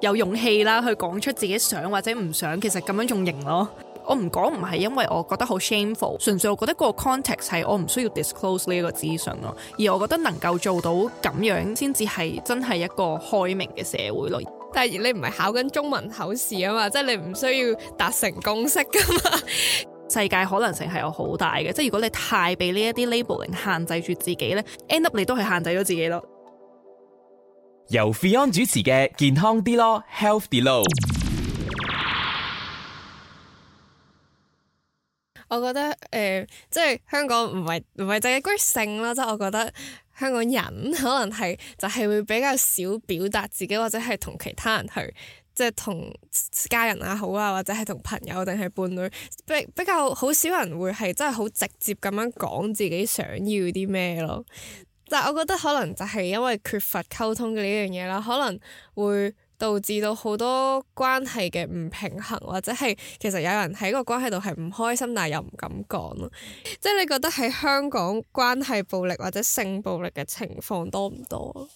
有勇氣啦，去講出自己想或者唔想，其實咁樣仲型咯。我唔講唔係因為我覺得好 shameful，純粹我覺得個 context 係我唔需要 disclose 呢一個資訊咯。而我覺得能夠做到咁樣，先至係真係一個開明嘅社會咯。但係你唔係考緊中文口試啊嘛，即係你唔需要達成共識噶嘛。 世界可能性係有好大嘅，即係如果你太被呢一啲 labeling 限制住自己呢 end up 你都係限制咗自己咯。由 Fion 主持嘅健康啲咯，Healthy 啲路。我覺得誒、呃，即係香港唔係唔係就係關性啦,即係我覺得香港人可能係就係、是、會比較少表達自己，或者係同其他人去，即係同家人啊好啊，或者係同朋友定係伴侶，比比較好少人會係真係好直接咁樣講自己想要啲咩咯。但我覺得可能就係因為缺乏溝通嘅呢樣嘢啦，可能會導致到好多關係嘅唔平衡，或者係其實有人喺個關係度係唔開心，但係又唔敢講咯。即係你覺得喺香港關係暴力或者性暴力嘅情況多唔多？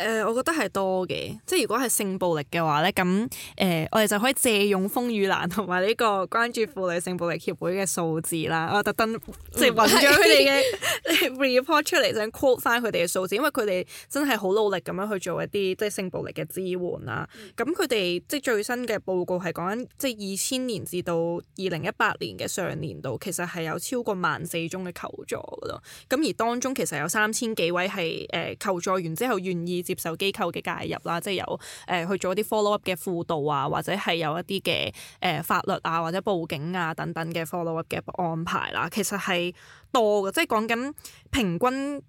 誒、呃，我覺得係多嘅，即係如果係性暴力嘅話咧，咁誒、呃，我哋就可以借用風雨蘭同埋呢個關注婦女性暴力協會嘅數字啦。 我特登即係揾咗佢哋嘅 report 出嚟，想 quote 翻佢哋嘅數字，因為佢哋真係好努力咁樣去做一啲即係性暴力嘅支援啦。咁佢哋即係最新嘅報告係講緊，即係二千年至到二零一八年嘅上年度，其實係有超過萬四宗嘅求助噶咯。咁而當中其實有三千幾位係誒求助完之後願意。接受機構嘅介入啦，即係有誒、呃、去做一啲 follow up 嘅輔導啊，或者係有一啲嘅誒法律啊，或者報警啊等等嘅 follow up 嘅安排啦，其實係多嘅，即係講緊平均。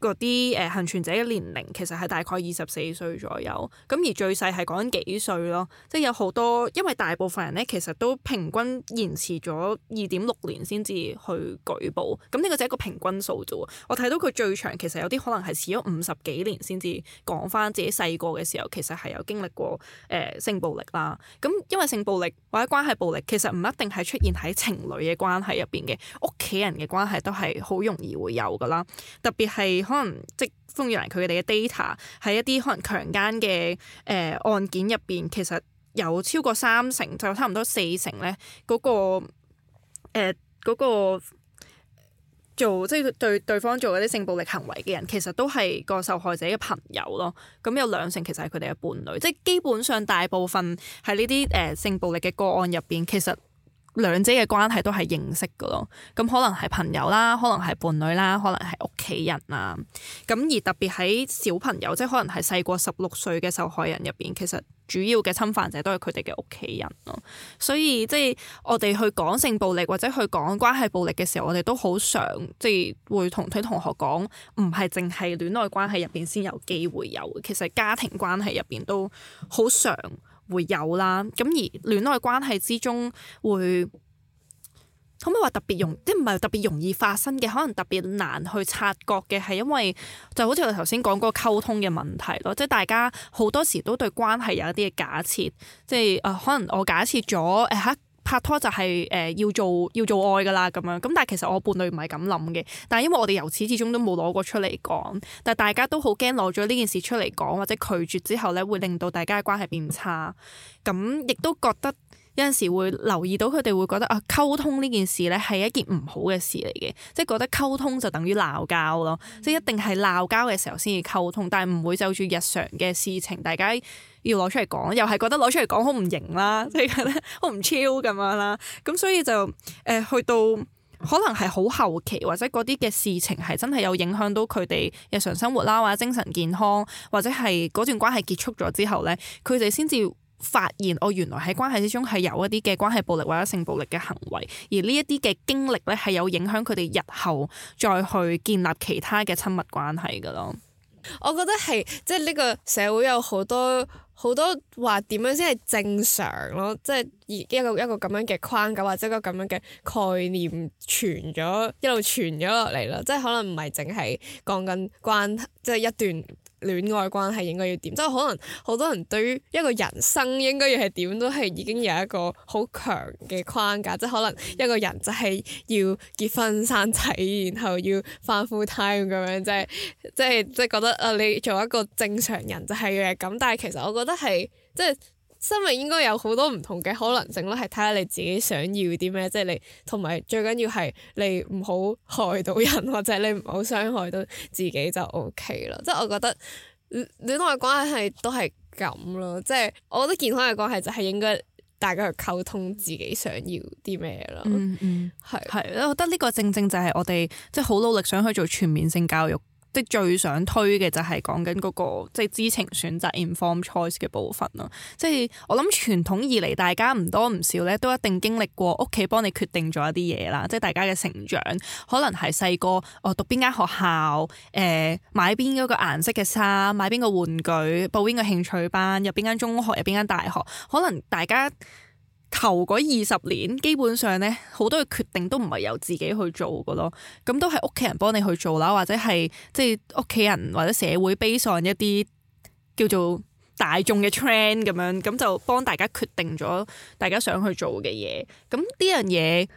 嗰啲誒幸存者嘅年齡其實係大概二十四歲左右，咁而最細係講緊幾歲咯，即係有好多因為大部分人咧其實都平均延遲咗二點六年先至去舉報，咁呢個就係一個平均數啫。我睇到佢最長其實有啲可能係遲咗五十幾年先至講翻自己細個嘅時候，其實係有經歷過誒、呃、性暴力啦。咁因為性暴力或者關係暴力其實唔一定係出現喺情侶嘅關係入邊嘅，屋企人嘅關係都係好容易會有噶啦，特別係。可能即係風雨蘭佢哋嘅 data 喺一啲可能強姦嘅誒案件入邊其實有超過三成，就差唔多四成咧，嗰個，嗰個誒嗰個做即係對對方做嗰啲性暴力行為嘅人，其實都係個受害者嘅朋友咯。咁有兩成其實係佢哋嘅伴侶，即係基本上大部分喺呢啲誒性暴力嘅個案入邊其實。兩者嘅關係都係認識嘅咯，咁可能係朋友啦，可能係伴侶啦，可能係屋企人啊。咁而特別喺小朋友，即係可能係細過十六歲嘅受害人入邊，其實主要嘅侵犯者都係佢哋嘅屋企人咯。所以即係我哋去講性暴力或者去講關係暴力嘅時候，我哋都好常即係會同啲同學講，唔係淨係戀愛關係入邊先有機會有，其實家庭關係入邊都好常，會有啦，咁而戀愛關係之中會可唔可以話特別容易？即唔係特別容易發生嘅，可能特別難去察覺嘅，係因為就好似我頭先講嗰個溝通嘅問題咯，即係大家好多時都對關係有一啲嘅假設，即係啊、呃，可能我假設咗誒嚇。呃拍拖就係、是、誒、呃、要做要做愛噶啦咁樣，咁但係其實我伴侶唔係咁諗嘅，但係因為我哋由始至終都冇攞過出嚟講，但係大家都好驚攞咗呢件事出嚟講或者拒絕之後咧，會令到大家嘅關係變差，咁亦都覺得。有陣時會留意到佢哋會覺得啊，溝通呢件事咧係一件唔好嘅事嚟嘅，即係覺得溝通就等於鬧交咯，嗯、即係一定係鬧交嘅時候先至溝通，但係唔會就住日常嘅事情大家要攞出嚟講，又係覺得攞出嚟講好唔型啦，即係覺得好唔 chill 咁樣啦。咁 所以就誒、呃、去到可能係好後期或者嗰啲嘅事情係真係有影響到佢哋日常生活啦，或者精神健康，或者係嗰段關係結束咗之後咧，佢哋先至。發現我原來喺關係之中係有一啲嘅關係暴力或者性暴力嘅行為，而呢一啲嘅經歷咧係有影響佢哋日後再去建立其他嘅親密關係嘅咯。我覺得係即係呢個社會有好多好多話點樣先係正常咯，即係一個一個咁樣嘅框架或者一個咁樣嘅概念傳咗一路傳咗落嚟咯，即係可能唔係淨係講緊關即係一段。戀愛關係應該要點？即係可能好多人對於一個人生應該要係點都係已經有一個好強嘅框架，即係可能一個人就係要結婚生仔，然後要翻 full time 咁樣，即係即係即係覺得啊，你做一個正常人就係要係咁。但係其實我覺得係即係。就是生命應該有好多唔同嘅可能性咯，係睇下你自己想要啲咩，即係你同埋最緊要係你唔好害到人，或者你唔好傷害到自己就 OK 啦。即係我覺得戀戀愛關係都係咁咯，即係我覺得健康嘅關係就係應該大家去溝通自己想要啲咩咯。嗯嗯，係係，我覺得呢個正正就係我哋即係好努力想去做全面性教育。即最想推嘅就係講緊嗰個即，就是，知情選擇 inform choice 嘅部分咯，即，就，係，是，我諗傳統以嚟，大家唔多唔少咧都一定經歷過屋企幫你決定咗一啲嘢啦，即係大家嘅成長可能係細個哦讀邊間學校，誒買邊個顏色嘅衫，買邊個玩具，報邊個興趣班，入邊間中學，入邊間大學可能大家。頭嗰二十年，基本上咧好多嘅決定都唔係由自己去做嘅咯，咁都係屋企人幫你去做啦，或者係即係屋企人或者社會 base on 一啲叫做大眾嘅 trend 咁樣，咁就幫大家決定咗大家想去做嘅嘢。咁呢樣嘢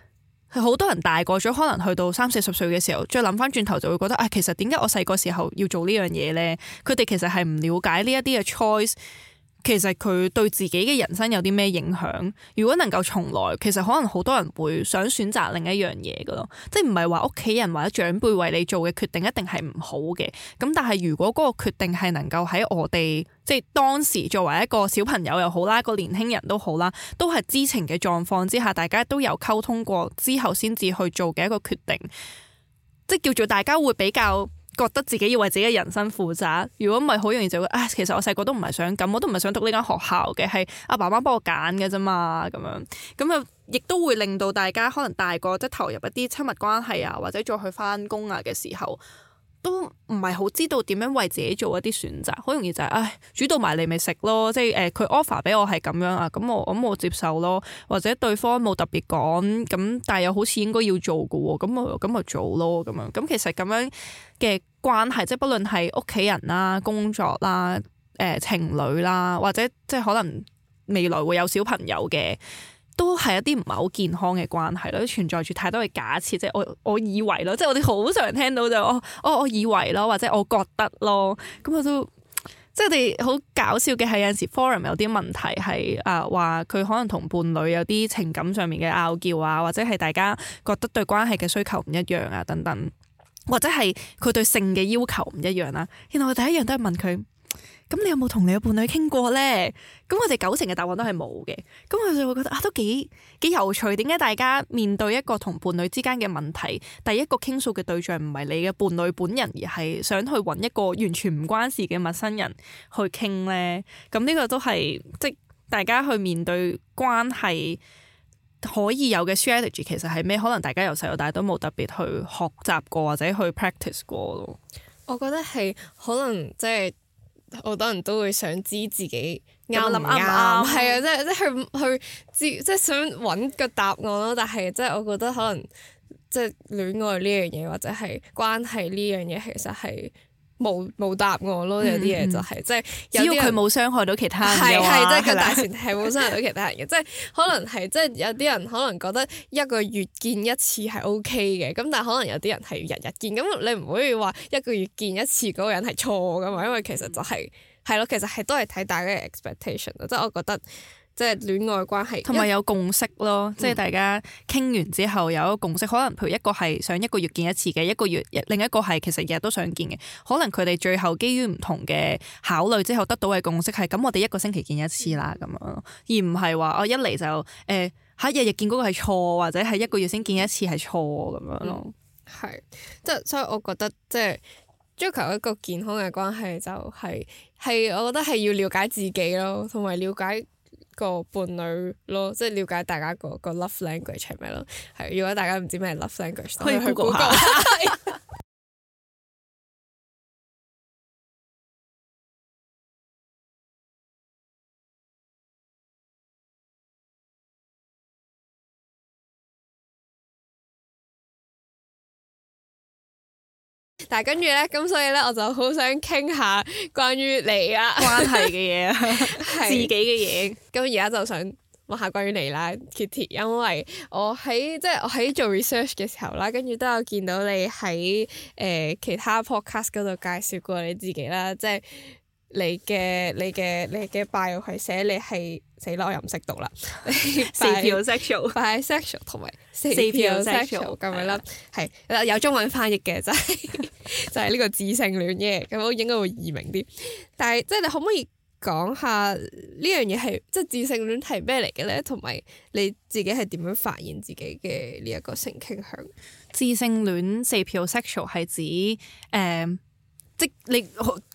係好多人大個咗，可能去到三四十歲嘅時候，再諗翻轉頭就會覺得啊、哎，其實點解我細個時候要做呢樣嘢咧？佢哋其實係唔了解呢一啲嘅 choice。其實佢對自己嘅人生有啲咩影響？如果能夠重來，其實可能好多人會想選擇另一樣嘢㗎囉，即係唔係話屋企人或者長輩為你做嘅決定一定係唔好嘅。咁但係如果嗰個決定係能夠喺我哋即係當時作為一個小朋友又好啦，一個年輕人都好啦，都係知情嘅狀況之下，大家都有溝通過之後先至去做嘅一個決定，即叫做大家會比較。覺得自己要為自己嘅人生負責，如果唔係好容易就會唉、啊，其實我細個都唔係想咁，我都唔係想讀呢間學校嘅，係阿爸爸幫我揀嘅啫嘛。咁樣咁啊，亦都會令到大家可能大個即係投入一啲親密關係啊，或者再去返工啊嘅時候。都唔係好知道點樣為自己做一啲選擇，好容易就係、是、唉，煮到埋你咪食咯，即係誒，佢 offer 俾我係咁樣啊，咁我咁我接受咯，或者對方冇特別講，咁但係又好似應該要做㗎，咁我咁咪做咯咁樣。咁其實咁樣嘅關係，即係不論係屋企人啦、工作啦、誒、呃、情侶啦，或者即係可能未來會有小朋友嘅。都係一啲唔係好健康嘅關係咯，都存在住太多嘅假設啫。即我我以為咯，即係我哋好常聽到就是、我我我以為咯，或者我覺得咯，咁我都即係哋好搞笑嘅係有陣時 forum 有啲問題係啊，話、呃、佢可能同伴侶有啲情感上面嘅拗撬啊，或者係大家覺得對關係嘅需求唔一樣啊，等等，或者係佢對性嘅要求唔一樣啦。然後我第一樣都係問佢。咁你有冇同你嘅伴侶傾過呢？咁我哋九成嘅答案都係冇嘅。咁我就會覺得啊，都幾幾有趣。點解大家面對一個同伴侶之間嘅問題，第一個傾訴嘅對象唔係你嘅伴侶本人，而係想去揾一個完全唔關事嘅陌生人去傾呢？咁呢個都係即大家去面對關係可以有嘅 strategy，其實係咩？可能大家由細到大都冇特別去學習過或者去 practice 過咯。我覺得係可能即係。好多人都會想知自己啱唔啱，係啊，即係即係去去知，即係想揾個答案咯。 但係即係我覺得可能即係、就是、戀愛呢樣嘢，或者係關係呢樣嘢，其實係。冇冇答我咯，有啲嘢就係即係，只要佢冇傷害到其他人嘅話，即係佢大前提冇傷害到其他人嘅，即係 可能係即係有啲人可能覺得一個月見一次係 OK 嘅，咁但係可能有啲人係日日見，咁你唔可以話一個月見一次嗰個人係錯噶嘛，因為其實就係係咯，其實係都係睇大家嘅 expectation 咯，即係我覺得。即係戀愛關係，同埋有共識咯，嗯、即係大家傾完之後有一個共識。嗯、可能譬如一個係想一個月見一次嘅，一個月另一一個係其實日日都想見嘅。可能佢哋最後基於唔同嘅考慮之後得到嘅共識係咁，我哋一個星期見一次啦咁、嗯、樣，而唔係話我一嚟就誒吓日日見嗰個係錯，或者係一個月先見一次係錯咁樣咯。係，即係所以我覺得即係、就係、追求一個健康嘅關係就係、係、係，我覺得係要了解自己咯，同埋了解。個伴侶咯，即係了解大家個個 love language 係咩咯。係如果大家唔知咩 love language 可以估下，就去估下 但係跟住咧，咁所以咧，我就好想傾下關於你啊關係嘅嘢啊，自己嘅嘢。咁而家就想問下關於你啦，Kitty，因為我喺即係我喺做 research 嘅時候啦，跟住都有見到你喺誒、呃、其他 podcast 嗰度介紹過你自己啦，即係。你嘅你嘅你嘅 bio 係寫你係死咯，我又唔識讀啦。四票 sexual 同埋四票 sexual 咁樣啦，係有中文翻譯嘅就係、係、 就係呢個自性戀嘅，咁我應該會易明啲。但係即係你可唔可以講下呢樣嘢係即係自性戀係咩嚟嘅咧？同埋你自己係點樣發現自己嘅呢一個性傾向？自性戀四票 sexual 係指誒。嗯即你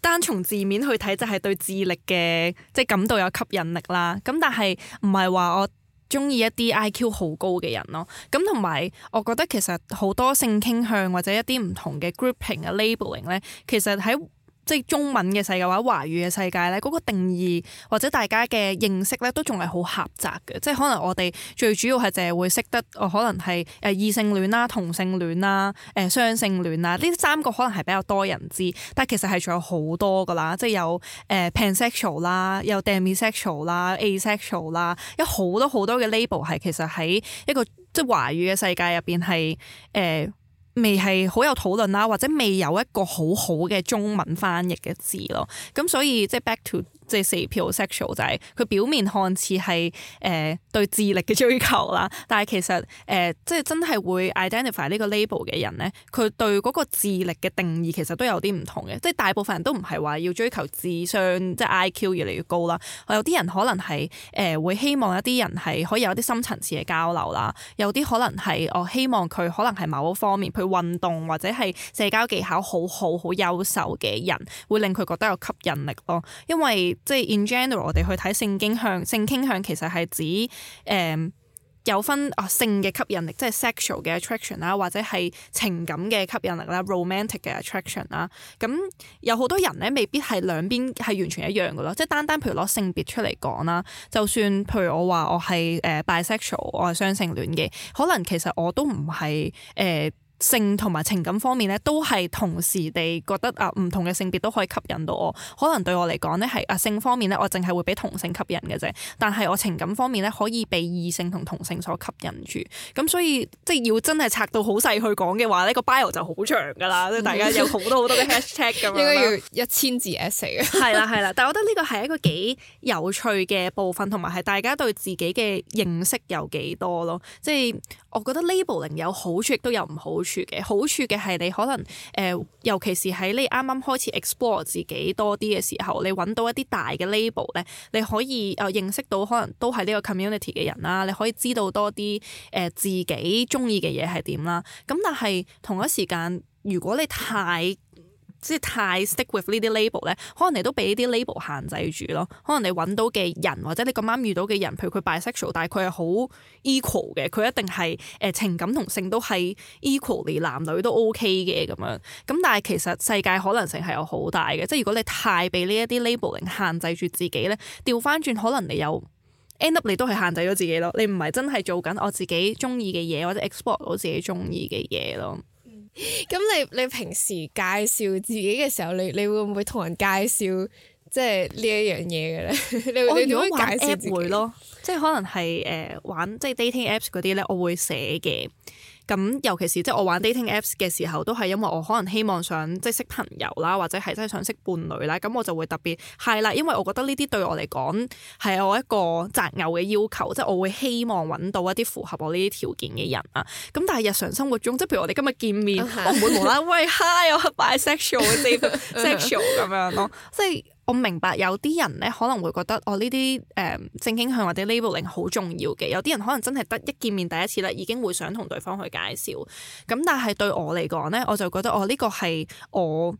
單從字面去睇，就係、是、對智力嘅即感到有吸引力啦。咁但係唔係話我中意一啲 IQ 好高嘅人咯。咁同埋我覺得其實好多性傾向或者一啲唔同嘅 grouping 啊 labeling 咧，其實喺。即係中文嘅世界或者華語嘅世界咧，嗰、那個定義或者大家嘅認識咧，都仲係好狹窄嘅。即係可能我哋最主要係淨係會識得，我可能係誒異性戀啦、同性戀啦、誒、呃、雙性戀啦，呢三個可能係比較多人知，但係其實係仲有好多㗎啦，即係有誒 pansexual 啦、呃、Pan xual，有 demisexual 啦、asexual 啦，有好多好多嘅 label 係其實喺一個即係華語嘅世界入邊係誒。呃未係好有討論啦，或者未有一個好好嘅中文翻譯嘅字囉，咁所以即係 Back to。即係四票 sexual 就係佢表面看似係誒、呃、對智力嘅追求啦，但係其實誒、呃、即係真係會 identify 呢個 label 嘅人咧，佢對嗰個智力嘅定義其實都有啲唔同嘅。即係大部分人都唔係話要追求智商，即係 IQ 越嚟越高啦。有啲人可能係誒、呃、會希望一啲人係可以有啲深層次嘅交流啦，有啲可能係我希望佢可能係某一方面，佢運動或者係社交技巧好好好優秀嘅人，會令佢覺得有吸引力咯，因為。即係 in general，我哋去睇性傾向，性傾向其實係指誒、呃、有分啊、哦、性嘅吸引力，即係 sexual 嘅 attraction 啦，或者係情感嘅吸引力啦，romantic 嘅 attraction 啦。咁有好多人咧，未必係兩邊係完全一樣嘅咯。即係單單譬如攞性別出嚟講啦，就算譬如我話我係誒 bisexual，我係雙性戀嘅，可能其實我都唔係誒。呃性同埋情感方面咧，都係同時地覺得啊，唔同嘅性別都可以吸引到我。可能對我嚟講咧，係啊，性方面咧，我淨係會俾同性吸引嘅啫。但係我情感方面咧，可以被異性同同性所吸引住。咁所以即係要真係拆到好細去講嘅話，呢個 bio 就好長噶啦。即係大家有好多好多嘅 hashtag 咁樣。應該要一千字 S 嚟㗎。係啦係啦，但係我覺得呢個係一個幾有趣嘅部分，同埋係大家對自己嘅認識有幾多咯。即係。我覺得 labeling 有好處亦都有唔好處嘅。好處嘅係你可能誒、呃，尤其是喺你啱啱開始 explore 自己多啲嘅時候，你揾到一啲大嘅 label 咧，你可以誒、呃、認識到可能都係呢個 community 嘅人啦。你可以知道多啲誒、呃、自己鍾意嘅嘢係點啦。咁但係同一時間，如果你太即係太 stick with 呢啲 label 咧，可能你都俾呢啲 label 限制住咯。可能你揾到嘅人或者你咁啱遇到嘅人，譬如佢 bisexual，但係佢係好 equal 嘅，佢一定係誒、呃、情感同性都係 equal，你男女都 OK 嘅咁樣。咁但係其實世界可能性係有好大嘅。即係如果你太俾呢一啲 labeling 限制住自己咧，調翻轉可能你有 end up 你都係限制咗自己咯。你唔係真係做緊我自己中意嘅嘢，或者 export 到自己中意嘅嘢咯。咁 你你平時介紹自己嘅時候，你你會唔會同人介紹即係呢一樣嘢嘅咧？你你點樣介紹咯？即係可能係誒、呃、玩即係 dating apps 嗰啲咧，我會寫嘅。咁尤其是即係我玩 dating apps 嘅時候，都係因為我可能希望想即係識朋友啦，或者係真係想識伴侶啦。咁我就會特別係啦，因為我覺得呢啲對我嚟講係我一個擇偶嘅要求，即係我會希望揾到一啲符合我呢啲條件嘅人啊。咁但係日常生活中，即係譬如我哋今日見面，Okay. 我唔會無啦喂 hi 我 bisexual 嘅 sexual 咁 樣咯，即係。我明白，有啲人咧，可能會覺得我呢啲誒性傾向或者 labeling 好重要嘅，有啲人可能真係得一見面第一次咧已經會想同對方去介紹，咁但係對我嚟講咧，我就覺得我呢、哦呢個係我。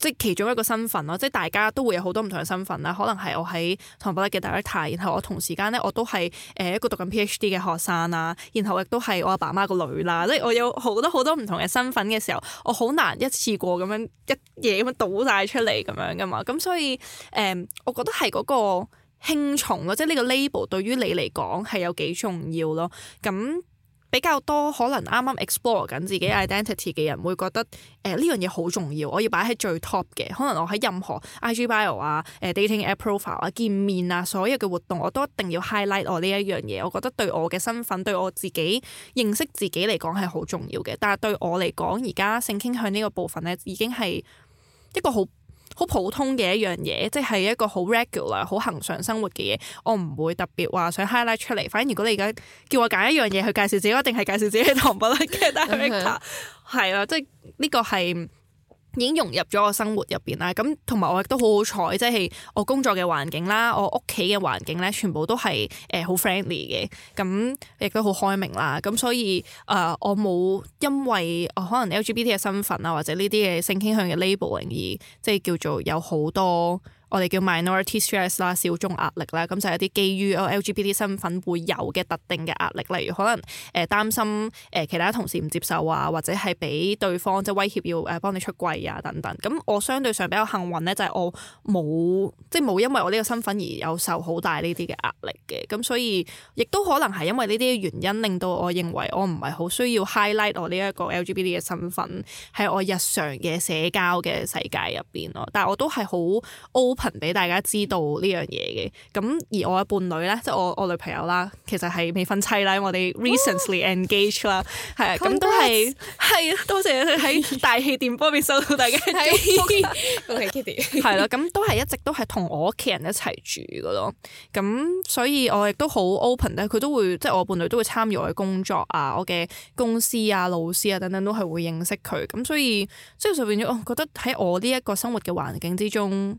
即係其中一個身份咯，即係大家都會有好多唔同嘅身份啦。可能係我喺糖不甩嘅 director，然後我同時間咧我都係誒一個讀緊 PhD 嘅學生啦，然後亦都係我阿爸阿媽個女啦。即係我有好多好多唔同嘅身份嘅時候，我好難一次過咁樣一嘢咁樣倒晒出嚟咁樣噶嘛。咁所以誒、嗯，我覺得係嗰個輕重咯，即係呢個 label 對於你嚟講係有幾重要咯。咁。比較多可能啱啱 explore 緊自己 identity 嘅人會覺得誒、呃、呢樣嘢好重要，我要擺喺最 top 嘅。可能我喺任何 IG bio 啊、誒、呃、dating app profile 啊、見面啊，所有嘅活動我都一定要 highlight 我呢一樣嘢。我覺得對我嘅身份、對我自己認識自己嚟講係好重要嘅。但係對我嚟講，而家性傾向呢個部分咧已經係一個好。好普通嘅一樣嘢，即係一個好 regular、好恒常生活嘅嘢，我唔會特別話想 highlight 出嚟。反正如果你而家叫我揀一樣嘢去介紹自己，一定係介紹自己糖不甩嘅 director，係啦，即係呢個係。已經融入咗我生活入邊啦，咁同埋我亦都好好彩，即係我工作嘅環境啦，我屋企嘅環境咧，全部都係誒好 friendly 嘅，咁亦都好開明啦，咁所以誒我冇因為可能 LGBT 嘅身份啊，或者呢啲嘅性傾向嘅 labelling 而即係叫做有好多。我哋叫 minority stress 啦，小眾壓力啦，咁就係一啲基於 LGBT 身份會有嘅特定嘅壓力，例如可能誒擔心誒其他同事唔接受啊，或者係俾對方即係威脅要誒幫你出櫃啊等等。咁我相對上比較幸運咧，就係我冇即係冇因為我呢個身份而有受好大呢啲嘅壓力嘅。咁所以亦都可能係因為呢啲原因，令到我認為我唔係好需要 highlight 我呢一個 LGBT 嘅身份喺我日常嘅社交嘅世界入邊咯。但係我都係好俾大家知道呢樣嘢嘅，咁而我嘅伴侶咧，即係我我女朋友啦，其實係未婚妻啦，我哋 recently engaged 啦，係哇啊，咁都係係，多謝喺大氣電波方面收到大家嘅祝福，恭喜 Kitty，係咯，咁都係一直都係同我屋企人一齊住噶咯，咁所以我亦都好 open 咧，佢都會即係、就是、我伴侶都會參與我嘅工作啊，我嘅公司啊，老師啊等等都係會認識佢，咁所以，即係就變咗，我覺得喺我呢一個生活嘅環境之中。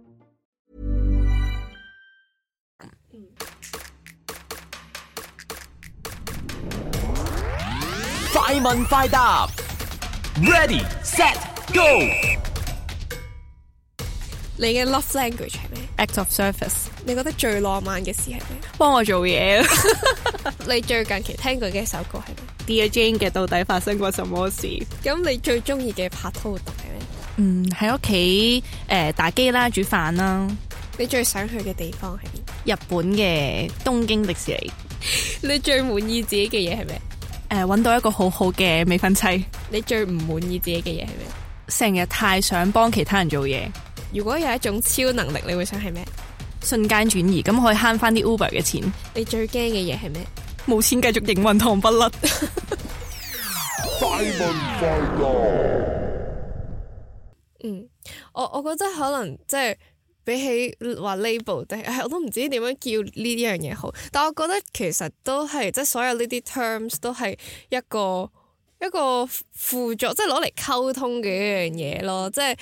快問快答，Ready Set Go。你嘅 Love Language 係咩？Act of Service。你覺得最浪漫嘅事係咩？幫我做嘢，啊。 你最近期聽過嘅一首歌係咩？Dear Jane 嘅到底發生過什麼事？咁 你最中意嘅拍拖大係咩？嗯，喺屋企誒打機啦，煮飯啦。你最想去嘅地方係邊？日本嘅東京迪士尼。 你最滿意自己嘅嘢係咩？誒，uh, 揾到一個好好嘅未婚妻。你最唔滿意自己嘅嘢係咩？成日太想幫其他人做嘢。如果有一種超能力，你會想係咩？瞬間轉移，咁可以慳翻啲 Uber 嘅錢。你最驚嘅嘢係咩？冇錢繼續營運糖不甩。快運快到。 嗯，我我覺得可能即係。就是比起話 label 定、哎、係我都唔知點樣叫呢啲樣嘢好，但我覺得其實都係即係所有呢啲 terms 都係一個一個輔助，即係攞嚟溝通嘅一樣嘢咯，即係。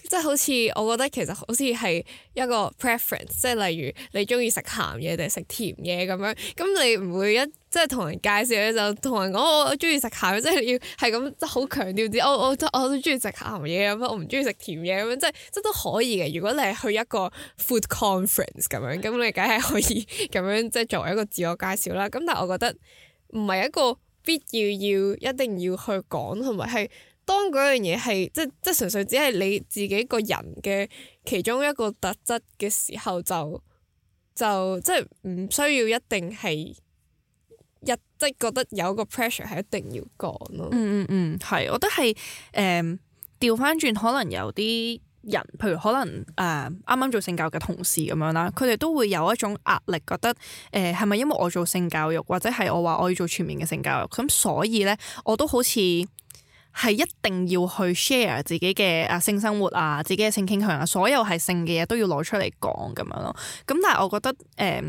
即係好似我覺得其實好似係一個 preference，即係例如你中意食鹹嘢定係食甜嘢咁樣，咁你唔會一即係同人介紹咧，就同人講、oh, 我我中意食鹹嘢，即係你要係咁好強調啲、oh,，我我我都中意食鹹嘢咁，我唔中意食甜嘢咁樣，即係即都可以嘅。如果你係去一個 food conference 咁樣，咁你梗係可以咁樣即係作為一個自我介紹啦。咁但係我覺得唔係一個必要要一定要去講同埋係。當嗰樣嘢係即即純粹只係你自己個人嘅其中一個特質嘅時候就，就就即係唔需要一定係一即係覺得有一個 pressure 係一定要講咯。嗯嗯嗯，係、嗯，我覺得係誒調翻轉，可能有啲人，譬如可能誒啱啱做性教育嘅同事咁樣啦，佢哋都會有一種壓力，覺得誒係咪因為我做性教育，或者係我話我要做全面嘅性教育，咁所以咧，我都好似。係一定要去 share 自己嘅啊性生活啊，自己嘅性傾向啊，所有係性嘅嘢都要攞出嚟講咁樣咯。咁但係我覺得誒、呃，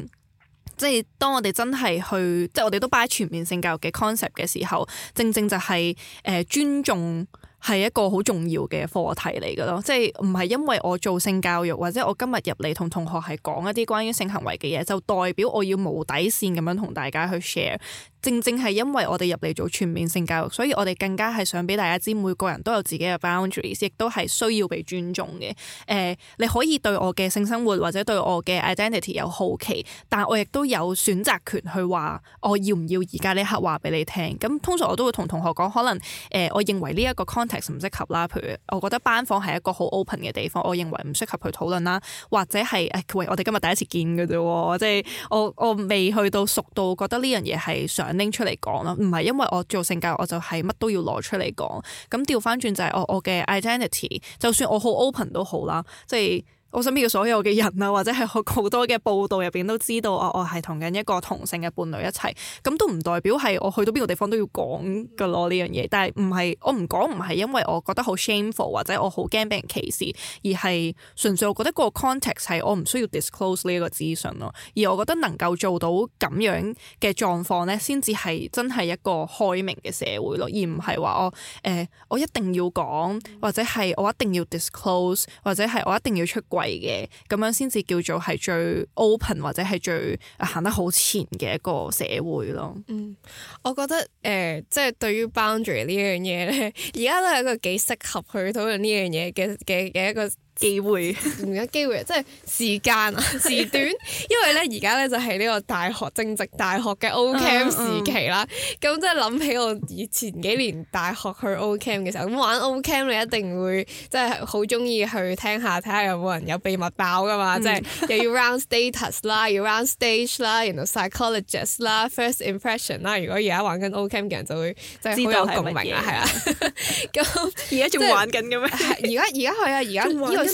即係當我哋真係去，即係我哋都擺全面性教育嘅 concept 嘅時候，正正就係、是、誒、呃、尊重係一個好重要嘅課題嚟嘅咯。即係唔係因為我做性教育或者我今日入嚟同同學係講一啲關於性行為嘅嘢，就代表我要冇底線咁樣同大家去 share？正正係因為我哋入嚟做全面性教育，所以我哋更加係想俾大家知每個人都有自己嘅 boundaries，亦都係需要被尊重嘅。誒、呃、你可以對我嘅性生活或者對我嘅 identity 有好奇，但我亦都有選擇權去話我要唔要而家呢刻話俾你聽，咁通常我都會同同學講可能誒、呃、我認為呢一個 context 唔適合啦。譬如我覺得班房係一個好 open 嘅地方，我認為唔適合去討論啦。或者係誒、哎、喂，我哋今日第一次見嘅啫，即係我我未去到熟到覺得呢樣嘢係想。拎出嚟講啦，唔係因為我做性格我就係乜都要攞出嚟講，咁調翻轉就係我我嘅 identity，就算我 open 好 open 都好啦，即係。我身邊嘅所有嘅人啊，或者係我好多嘅報道入邊都知道，我我係同緊一個同性嘅伴侶一齊，咁都唔代表係我去到邊個地方都要講噶咯呢樣嘢。但係唔係，我唔講唔係，因為我覺得好 shameful，或者我好驚俾人歧視，而係純粹我覺得個 context 係我唔需要 disclose 呢一個資訊咯。而我覺得能夠做到咁樣嘅狀況咧，先至係真係一個開明嘅社會咯，而唔係話我誒、呃、我一定要講，或者係我一定要 disclose，或者係我一定要出櫃。係嘅，咁樣先至叫做係最 open 或者係最行得好前嘅一個社會咯。嗯，我覺得誒，即、呃、係、就是、對於 boundary 呢樣嘢咧，而家都係一個幾適合去討論呢樣嘢嘅嘅嘅一個。機會唔緊機會，即係時間啊，時段， 因為咧而家咧就係呢個大學正值大學嘅 O Camp 時期啦。咁、嗯嗯、即係諗起我以前幾年大學去 O Camp 嘅時候，咁玩 O Camp 你一定會即係好中意去聽下睇下有冇人有秘密爆㗎嘛，嗯、即係又要 round status 啦，要 round stage 啦，然後 psychologist 啦，first impression 啦。如果而家玩緊 O Camp 嘅人就會知道係乜嘢。即係好有共鳴啦。係啊，咁而家仲玩緊嘅咩？而家而家係啊，而家。時期應該係就係，我以為有啲新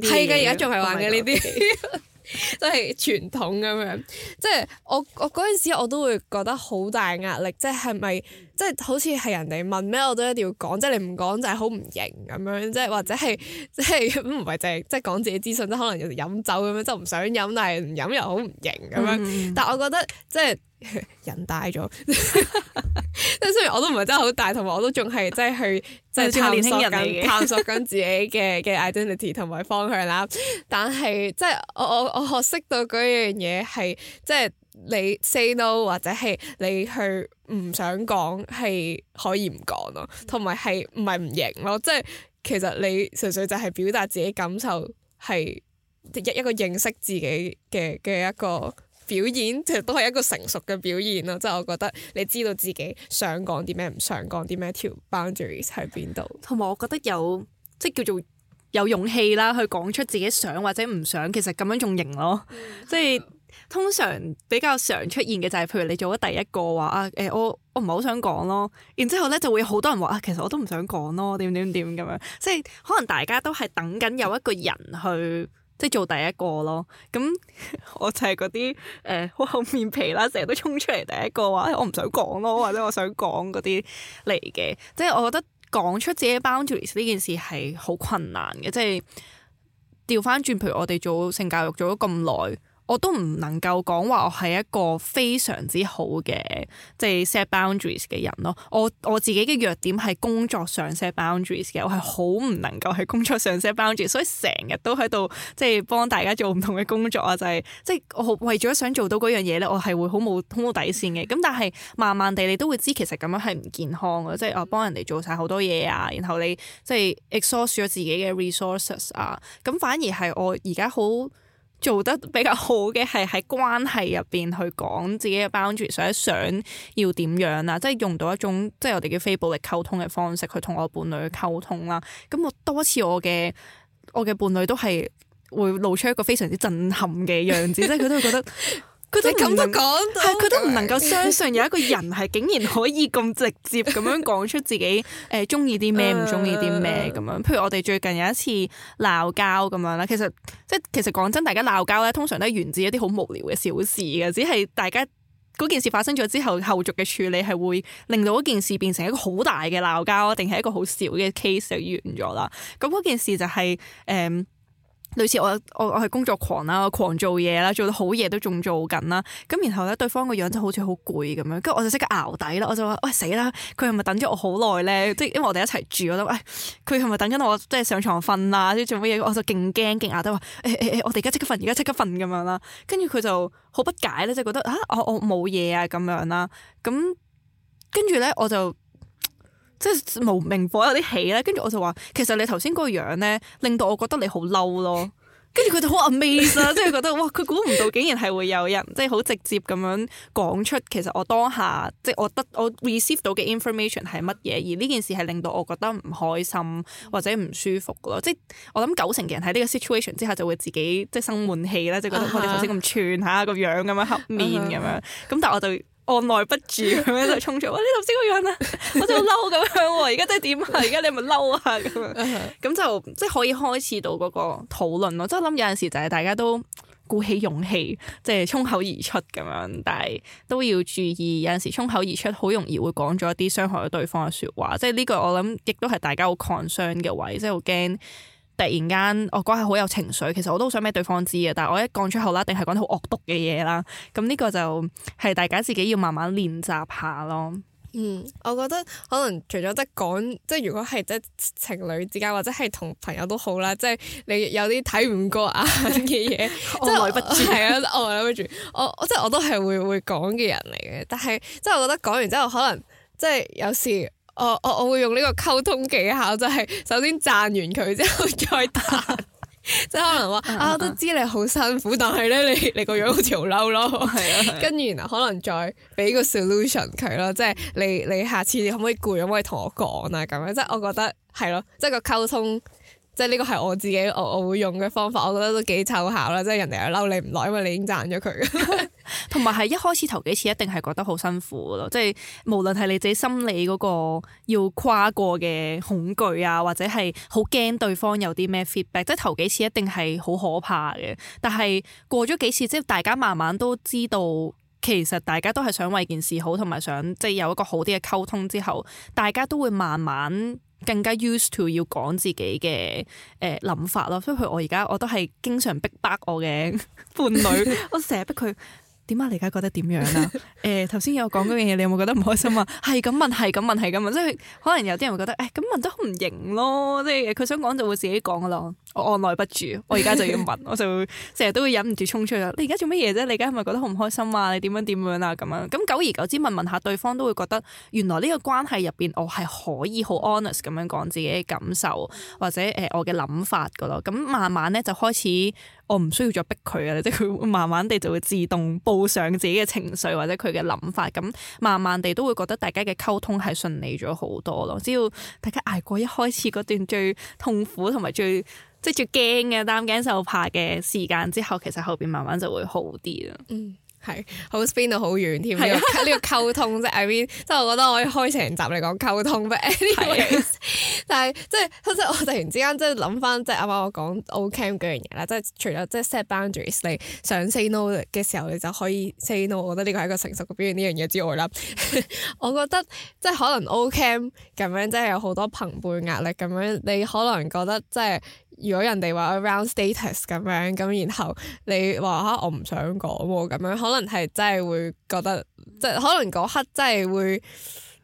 係嘅，而家仲係玩嘅呢啲，即係、oh、my 這些 傳統咁樣。 即係我我嗰陣時我都會覺得好大壓力，即係係咪？即係好似係人哋問咩，我都一定要講。即係你唔講就係好唔型咁樣。即係或者係即係咁，唔係淨係即係講自己資訊。即可能有時飲酒咁樣，就唔想飲，但係唔飲又好唔型咁樣。嗯、但係我覺得即係人大咗，即 係雖然我都唔係真係好大，同埋我都仲係即係去即係 探索緊 探索緊自己嘅嘅 identity 同埋方向啦。但係即係我我我學識到嗰樣嘢係即係。即係你 say no 或者係你去唔想講，係可以唔講咯，同埋係唔係唔型咯？即係其實你純粹就係表達自己感受，係一一個認識自己嘅嘅一個表演，其實都係一個成熟嘅表現咯。即係我覺得你知道自己想講啲咩，唔想講啲咩，條 boundaries 喺邊度。同埋我覺得有即係叫做有勇氣啦，去講出自己想或者唔想，其實咁樣仲型咯，嗯、即係。通常比較常出現嘅就係，譬如你做咗第一個話啊，誒，我我唔係好想講咯，然之後咧就會好多人話啊，其實我都唔想講咯，點點點咁樣，即係可能大家都係等緊有一個人去即係做第一個咯。咁我就係嗰啲誒好厚面皮啦，成日都衝出嚟第一個話我唔想講咯，或者我想講嗰啲嚟嘅。即係我覺得講出自己 boundaries 呢件事係好困難嘅，即係調返轉，譬如我哋做性教育做咗咁耐。我都唔能夠講話我係一個非常之好嘅即係 set boundaries 嘅人咯。我我自己嘅弱點係工作上 set boundaries 嘅，我係好唔能夠喺工作上 set boundaries，所以成日都喺度即係幫大家做唔同嘅工作啊。就係即係我為咗想做到嗰樣嘢咧，我係會好冇通冇底線嘅。咁但係慢慢地你都會知其實咁樣係唔健康嘅，即係我幫人哋做晒好多嘢啊，然後你即係 exhaust 咗自己嘅 resources 啊，咁反而係我而家好做得比較好嘅係喺關係入邊去講自己嘅 boundary，想想要點樣啊？即係用到一種即係我哋叫非暴力溝通嘅方式去同我伴侶去溝通啦。咁我多次我嘅我嘅伴侶都係會露出一個非常之震撼嘅樣子， 即係佢都會覺得。佢都唔能，係佢都唔能夠相信有一個人係竟然可以咁直接咁樣講出自己誒，中意啲咩，唔中意啲咩咁樣。譬如我哋最近有一次鬧交咁樣啦，其實即係其實講真，大家鬧交咧，通常都係源自一啲好無聊嘅小事嘅，只係大家嗰件事發生咗之後後續嘅處理係會令到一件事變成一個好大嘅鬧交啊，定係一個好小嘅 case 就完咗啦。咁嗰件事就係、是、誒。嗯類似我我我係工作狂啦，我狂做嘢啦，做到好夜都仲做緊啦。咁然後咧，對方個樣就好似好攰咁樣，跟住我就即刻淆底啦。我就話喂死啦，佢係咪等咗我好耐咧？即係因為我哋一齊住，我得喂佢係咪等緊我即係上床瞓啊？即係做乜嘢？我就勁驚勁淆底話誒誒誒，我哋而家即刻瞓，而家即刻瞓咁樣啦。跟住佢就好不解咧，即係覺得啊，我我冇嘢啊咁樣啦。咁跟住咧我就。即係無名火有啲起咧，跟住我就話：其實你頭先嗰個樣咧，令到我覺得你好嬲咯。跟住佢就好 amazed，啊、 即係覺得哇，佢估唔到竟然係會有人 即係好直接咁樣講出，其實我當下即係我得我 receive 到嘅 information 係乜嘢，而呢件事係令到我覺得唔開心或者唔舒服咯。即係我諗九成嘅人喺呢個 situation 之下就會自己即係生悶氣咧，即係覺得我哋頭先咁串下個樣咁樣黑面咁樣。咁、uh huh. 但係我就。按耐不住咁樣就衝出，喂，你頭先嗰樣啊，我就好嬲咁樣喎！而家即係點啊？而家你係咪嬲啊？咁樣咁就即係可以開始到嗰個討論咯。即係諗有陣時就係大家都鼓起勇氣，即係衝口而出咁樣，但係都要注意有陣時衝口而出，好容易會講咗一啲傷害咗對方嘅説話。即係呢個我諗亦都係大家好 concern 嘅位，即係好驚。突然間，我覺得係好有情緒，其實我都好想俾對方知嘅，但係我一講出口啦，一定係講好惡毒嘅嘢啦。咁呢個就係大家自己要慢慢練習下咯。嗯，我覺得可能除咗即係講，即係如果係即係情侶之間，或者係同朋友都好啦，即係你有啲睇唔過眼嘅嘢，即係耐不住，係啊， 我耐不住， 我我即係我都係會會講嘅人嚟嘅，但係即係我覺得講完之後可能即係有時。我我、哦、我會用呢個溝通技巧，就係、是、首先讚完佢之後再彈， 即係可能話 啊，我都知你好辛苦，但係咧你你個樣好似好嬲咯，係啊， 跟住可能再俾個 solution 佢咯，即係你你下次你可唔可以攰，可唔可以同我講啊咁樣，即係我覺得係咯，即係、就是、個溝通。即係呢個係我自己我我會用嘅方法，我覺得都幾湊巧啦。即係人哋又嬲你唔耐，因為你已經賺咗佢。同埋係一開始頭幾次一定係覺得好辛苦咯，即係無論係你自己心理嗰個要跨過嘅恐懼啊，或者係好驚對方有啲咩 feedback，即係頭幾次一定係好可怕嘅。但係過咗幾次，即係大家慢慢都知道，其實大家都係想為件事好，同埋想即係有一個好啲嘅溝通之後，大家都會慢慢。更加 used to 要講自己嘅誒諗法咯，所以佢我而家我都係經常逼迫我嘅伴侶，我成日逼佢。點解你而家覺得點樣啊？誒、欸，頭先有講嗰樣嘢，你有冇覺得唔開心啊？係咁 問，係咁問，係咁問，即係可能有啲人會覺得，誒、欸，咁問得好唔型咯，即係佢想講就會自己講噶咯。我按捺不住，我而家就要問， 我就會成日都會忍唔住衝出去。你而家做乜嘢啫？你而家係咪覺得好唔開心啊？你點樣點樣啊？咁樣咁久而久之，問問下對方都會覺得，原來呢個關係入邊，我係可以好 honest 咁樣講自己嘅感受，或者誒我嘅諗法噶咯。咁慢慢咧就開始。我唔需要再逼佢啊，即係佢會慢慢地就會自動報上自己嘅情緒或者佢嘅諗法，咁慢慢地都會覺得大家嘅溝通係順利咗好多咯。只要大家挨過一開始嗰段最痛苦同埋最即係最驚嘅擔驚受怕嘅時間之後，其實後邊慢慢就會好啲啦。嗯。係好 spend 到好遠添，呢個呢個溝通啫。I mean，即係我覺得我可以開成集嚟講溝通，But anyway。但係即係，即係我突然之間即係諗翻，即係啱啱我講 Ocamp 嗰樣嘢啦。即係除咗即係 set boundaries，你想 say no 嘅時候，你就可以 say no。我覺得呢個係一個成熟嘅表現呢樣嘢之外啦。 我覺得即係可能 Ocamp 咁樣，即係有好多朋輩壓力，咁樣你可能覺得即係。如果人哋話 around status 咁樣，咁然後你話嚇、啊、我唔想講喎，咁樣可能係真係會覺得，即係可能嗰刻真係會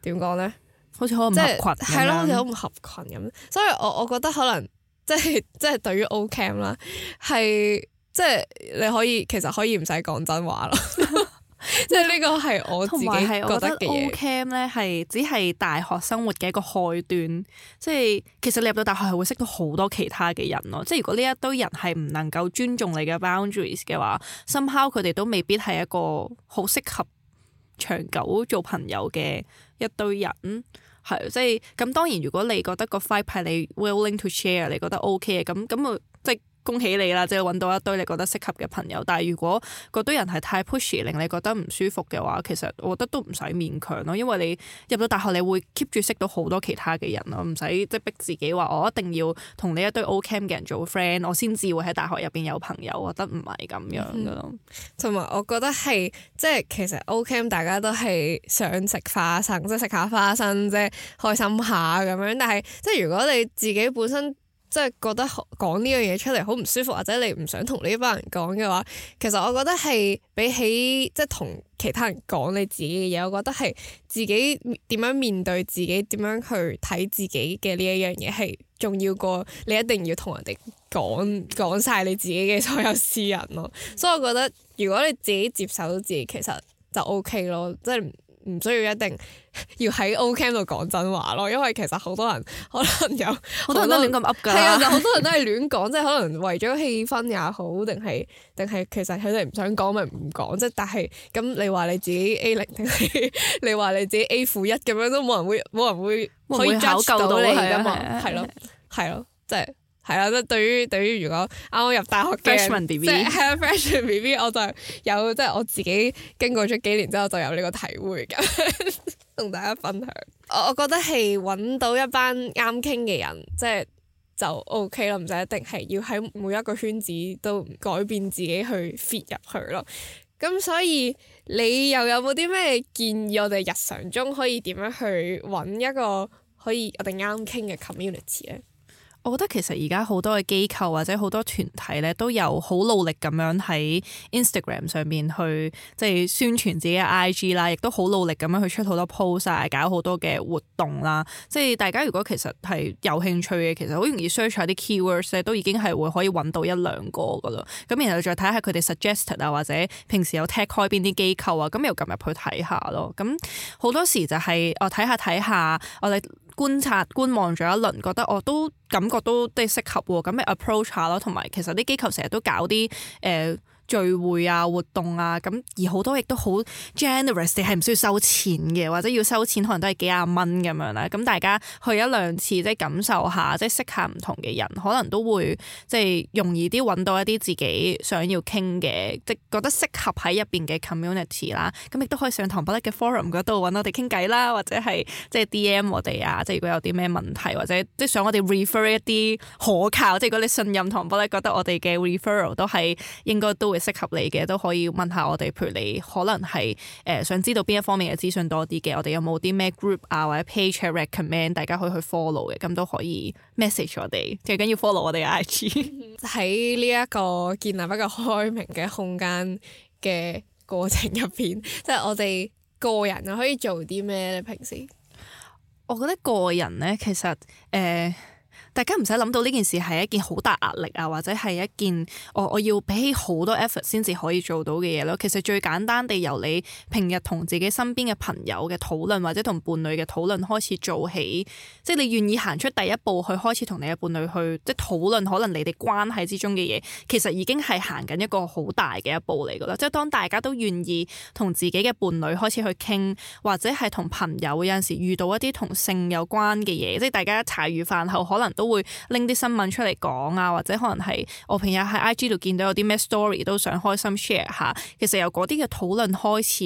點講咧？好似好唔合群，係咯，好似好唔合群咁。所以我我覺得可能即係即係對於 Ocamp 啦，係即係你可以其實可以唔使講真話咯。 即係呢個係我自己覺得嘅嘢。Ocamp 咧係只係大學生活嘅一個開端，即係其實你入到大學係會識到好多其他嘅人咯。即係如果呢一堆人係唔能夠尊重你嘅 boundaries 嘅話，somehow 佢哋都未必係一個好適合長久做朋友嘅一堆人。係即係咁，當然如果你覺得個 vibe 係你 willing to share，你覺得 O K 嘅，咁咁我即恭喜你啦！即係揾到一堆你覺得適合嘅朋友，但係如果嗰堆人係太 pushy，令你覺得唔舒服嘅話，其實我覺得都唔使勉強咯。因為你入到大學，你會 keep 住識到好多其他嘅人咯，唔使即係逼自己話我一定要同你一堆 Ocamp 嘅人做 friend，我先至會喺大學入邊有朋友。我覺得唔係咁樣噶咯。同埋、嗯、我覺得係即係其實 Ocamp 大家都係想食花生，即係食下花生，即係開心下咁樣。但係即係如果你自己本身，即係覺得講呢樣嘢出嚟好唔舒服，或者你唔想同呢班人講嘅話，其實我覺得係比起即係同其他人講你自己嘅嘢，我覺得係自己點樣面對自己，點樣去睇自己嘅呢一樣嘢，係重要過你一定要同人哋講講晒你自己嘅所有私人咯。所以我覺得如果你自己接受到自己，其實就 OK 咯，即係。唔需要一定要喺 Ocamp 度講真話咯，因為其實好多人可能有好多，好多人都亂咁 up 噶，係啊，好多人都係亂講，即係 可能為咗氣氛也好，定係定係其實佢哋唔想講咪唔講，即係但係咁你話你自己 A 零定係你話你自己 A 負一咁樣都冇人會冇人會可以會唔會考究到你噶嘛，係咯係咯，即係。係啦，即係對於對於如果啱啱入大學嘅，即係 freshman BB 我就有即係、就是、我自己經過咗幾年之後就有呢個體會咁，同 大家分享。我我覺得係揾到一班啱傾嘅人，即、就、係、是、就 OK 啦，唔使一定係要喺每一個圈子都改變自己去 fit 入去咯。咁所以你又有冇啲咩建議我哋日常中可以點樣去揾一個可以我哋啱傾嘅 community 咧？我覺得其實而家好多嘅機構或者好多團體咧，都有好努力咁樣喺 Instagram 上面去即係、就是、宣傳自己嘅 IG 啦，亦都好努力咁樣去出好多 post 啊，搞好多嘅活動啦。即係大家如果其實係有興趣嘅，其實好容易 search 下啲 keywords，都已經係會可以揾到一兩個噶啦。咁然後再睇下佢哋 suggest 啊，或者平時有 tag 開邊啲機構啊，咁又撳入去睇下咯。咁好多時就係我睇下睇下我哋。哦看看看看哦觀察觀望咗一輪，覺得我、哦、都感覺都都係適合喎，咁咪 approach 下咯。同埋其實啲機構成日都搞啲誒。呃聚會啊活動啊咁，而好多亦都好 generous，佢係唔需要收錢嘅，或者要收錢可能都係幾廿蚊咁樣啦。咁大家去一兩次，即係感受下，即係識識下唔同嘅人，可能都會，即係容易啲揾到一啲自己想要傾嘅，即係覺得適合喺入邊嘅 community 啦。咁亦都可以上糖不甩嘅 forum 度揾我哋傾偈啦，或者係即係 DM 我哋啊。即係如果有啲咩問題，或者即係想我哋 refer 一啲可靠，即係如果你信任糖不甩，覺得我哋嘅 referral 都係應該都會。適合你嘅都可以問下我哋，譬如你可能係誒想知道邊一方面嘅資訊多啲嘅，我哋有冇啲咩 group 啊或者 page recommend，大家可以去 follow 嘅，咁都可以 message 我哋，最緊要 follow 我哋嘅 IG。喺呢一個建立一個開明嘅空間嘅過程入邊，即係我哋個人可以做啲咩咧？平時我覺得個人咧，其實誒。呃大家唔使諗到呢件事係一件好大壓力啊，或者係一件我、哦、我要俾起好多 effort 先至可以做到嘅嘢咯。其實最簡單地由你平日同自己身邊嘅朋友嘅討論，或者同伴侶嘅討論開始做起，即係你願意行出第一步去開始同你嘅伴侶去即係討論可能你哋關係之中嘅嘢，其實已經係行緊一個好大嘅一步嚟噶啦。即係當大家都願意同自己嘅伴侶開始去傾，或者係同朋友有陣時遇到一啲同性有關嘅嘢，即係大家茶餘飯後可能都。會拎啲新聞出嚟講啊，或者可能係我平日喺 IG 度見到有啲咩 story 都想開心 share 下。其實由嗰啲嘅討論開始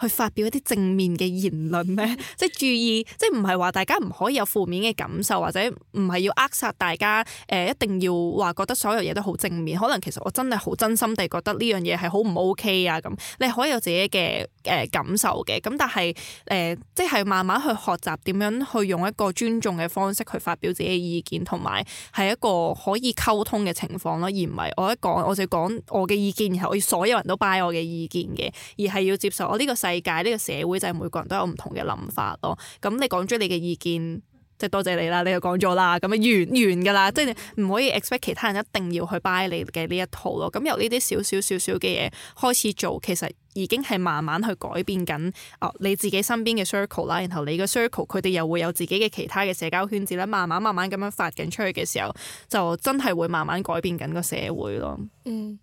去發表一啲正面嘅言論咧， 即係注意，即係唔係話大家唔可以有負面嘅感受，或者唔係要扼殺大家誒，一定要話覺得所有嘢都好正面。可能其實我真係好真心地覺得呢樣嘢係好唔 OK 啊。咁你可以有自己嘅誒感受嘅，咁但係誒、呃、即係慢慢去學習點樣去用一個尊重嘅方式去發表自己嘅意見。同埋係一個可以溝通嘅情況咯，而唔係我一講我就講我嘅意見，然後我所有人都 buy 我嘅意見嘅，而係要接受我呢個世界呢個社會就係每個人都有唔同嘅諗法咯。咁你講咗你嘅意見，即係多謝你啦，你又講咗啦，咁啊完完噶啦，即係你唔可以 expect 其他人一定要去 buy 你嘅呢一套咯。咁由呢啲少少少少嘅嘢開始做，其實。已經係慢慢去改變緊哦，你自己身邊嘅 circle 啦，然後你嘅 circle，佢哋又會有自己嘅其他嘅社交圈子咧，慢慢慢慢咁樣發緊出去嘅時候，就真係會慢慢改變緊個社會咯。嗯，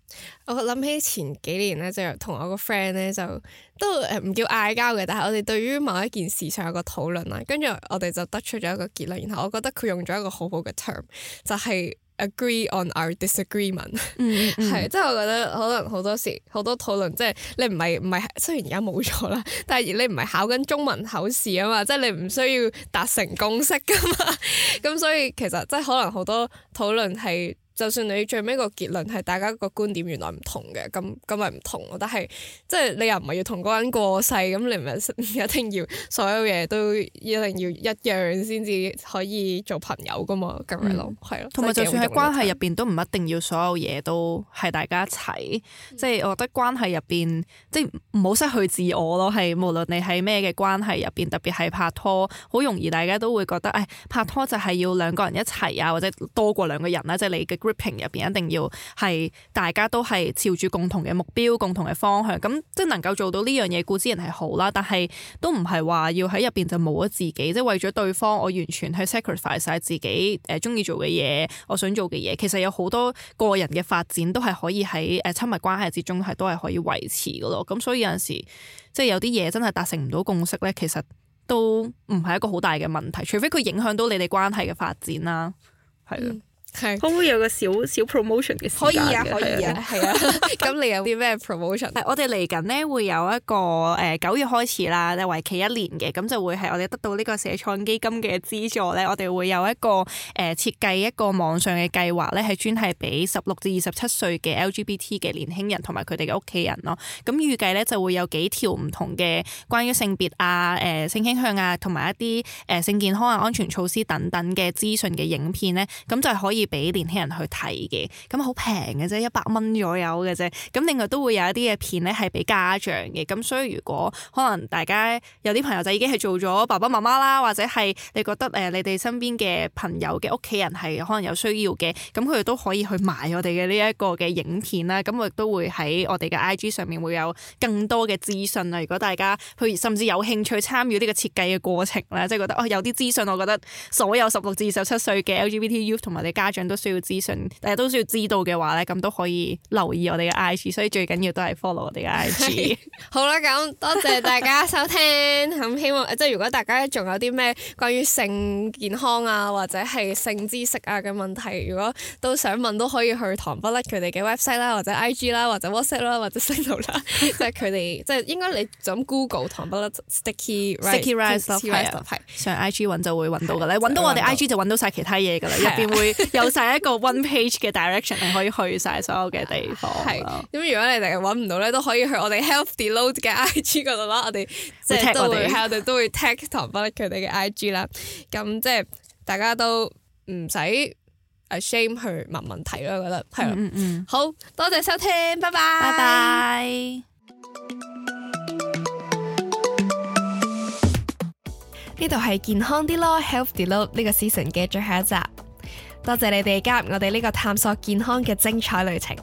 我諗起前幾年咧，就同我個 friend 咧，就都誒唔叫嗌交嘅，但係我哋對於某一件事上有個討論啦，跟住我哋就得出咗一個結論，然後我覺得佢用咗一個好好嘅 term，就係、是，agree on our disagreement，係、嗯嗯、即係我覺得可能好多時好多討論，即係你唔係唔係雖然而家冇咗啦，但係你唔係考緊中文考試啊嘛，即係你唔需要達成共識㗎嘛，咁 所以其實即係可能好多討論係。就算你最尾個結論係大家個觀點原來唔同嘅，咁咁咪唔同咯。但係即係你又唔係要同個人過世，咁你唔係一定要所有嘢都一定要一樣先至可以做朋友噶嘛？咁、嗯、樣咯，係咯。同埋有就算喺關係入邊都唔一定要所有嘢都係大家一齊，即係、嗯、我覺得關係入邊即係唔好失去自我咯。係無論你喺咩嘅關係入邊，特別係拍拖，好容易大家都會覺得誒拍拖就係要兩個人一齊啊，或者多過兩個人啦，即、就、係、是、你嘅。喺入邊一定要係大家都係朝住共同嘅目標、共同嘅方向，咁即係能夠做到呢樣嘢，固之然係好啦。但係都唔係話要喺入邊就冇咗自己，即係為咗對方，我完全去 sacrifice 晒自己誒，中意做嘅嘢，我想做嘅嘢。其實有好多個人嘅發展都係可以喺誒親密關係之中係都係可以維持噶咯。咁所以有陣時即係有啲嘢真係達成唔到共識咧，其實都唔係一個好大嘅問題，除非佢影響到你哋關係嘅發展啦。係啊、嗯。係是可唔可以有個小小 promotion 嘅時間？可以啊，可以啊，係啊。咁、 啊、你有啲咩 promotion？我哋嚟緊呢會有一個誒九、呃、月開始啦，咧為期一年嘅，咁就會係我哋得到呢個社創基金嘅資助咧，我哋會有一個誒設計一個網上嘅計劃咧，係專係俾十六至二十七歲嘅 LGBT 嘅年輕人同埋佢哋嘅屋企人咯。咁預計咧就會有幾條唔同嘅關於性別啊、誒、呃、性傾向啊，同埋一啲誒、呃、性健康啊、安全措施等等嘅資訊嘅影片咧，咁就可以。俾年輕人去睇嘅，咁好平嘅啫，一百蚊左右嘅啫。咁另外都會有一啲嘅片咧，係俾家長嘅。咁所以如果可能大家有啲朋友就已經係做咗爸爸媽媽啦，或者係你覺得誒你哋身邊嘅朋友嘅屋企人係可能有需要嘅，咁佢哋都可以去買我哋嘅呢一個嘅影片啦。咁我亦都會喺我哋嘅 I G 上面會有更多嘅資訊啦。如果大家去，甚至有興趣參與呢個設計嘅過程咧，即係覺得哦有啲資訊，我覺得所有十六至二十七歲嘅 LGBT youth 同埋你家家長都需要資訊，大家都需要知道嘅話咧，咁都可以留意我哋嘅 I G，所以最緊要都係 follow 我哋嘅 I G。 好啦，咁多謝大家收聽，咁、嗯、希望即係如果大家仲有啲咩關於性健康啊，或者係性知識啊嘅問題，如果都想問，都可以去糖不甩佢哋嘅 website 啦，或者 I G 啦，或者 WhatsApp 啦，或者 Signal 啦，即係佢哋即係應該你就 Google 糖不甩 sticky sticky rice 啦，係啊對，上 I G 揾就會揾到噶啦，揾到我哋 I G 就揾到晒其他嘢噶啦，入邊會對。 有晒 一個 one page 嘅 direction 係可以去晒所有嘅地方。係， 咁如果你哋揾唔到咧，都可以去我哋 health d e l o a d 嘅 IG 嗰度啦。我哋即係都會，會我哋都會 tag 糖不甩佢哋嘅 IG 啦。咁即係大家都唔使 ashame 去問問題咯。我覺得係咯，嗯，嗯嗯，好多謝收聽，拜拜，拜拜。呢度係健康啲咯，health d e l o a d 呢個 season 嘅最後一集。多謝你哋加入我哋呢個探索健康嘅精彩旅程，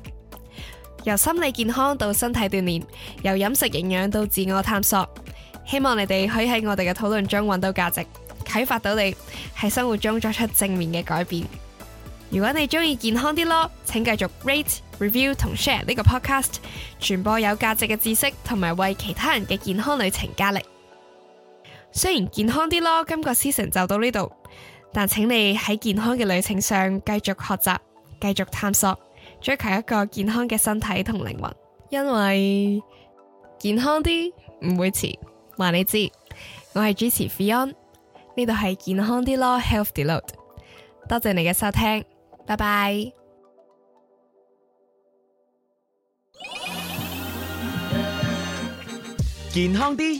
由心理健康到身體鍛煉，由飲食營養到自我探索，希望你哋可以喺我哋嘅討論中揾到價值，啟發到你喺生活中作出正面嘅改變。如果你中意健康啲咯，請繼續 rate、review 同 share 呢個 podcast，傳播有價值嘅知識，同埋為其他人嘅健康旅程加力。雖然健康啲咯，今個 season 就到呢度。但請你喺健康嘅旅程上繼續學習、繼續探索，追求一個健康嘅身體同靈魂，因為健康啲唔會遲。話你知，我係主持 Fion，呢度係健康啲咯，Health Deload。多謝你嘅收聽，拜拜。健康啲。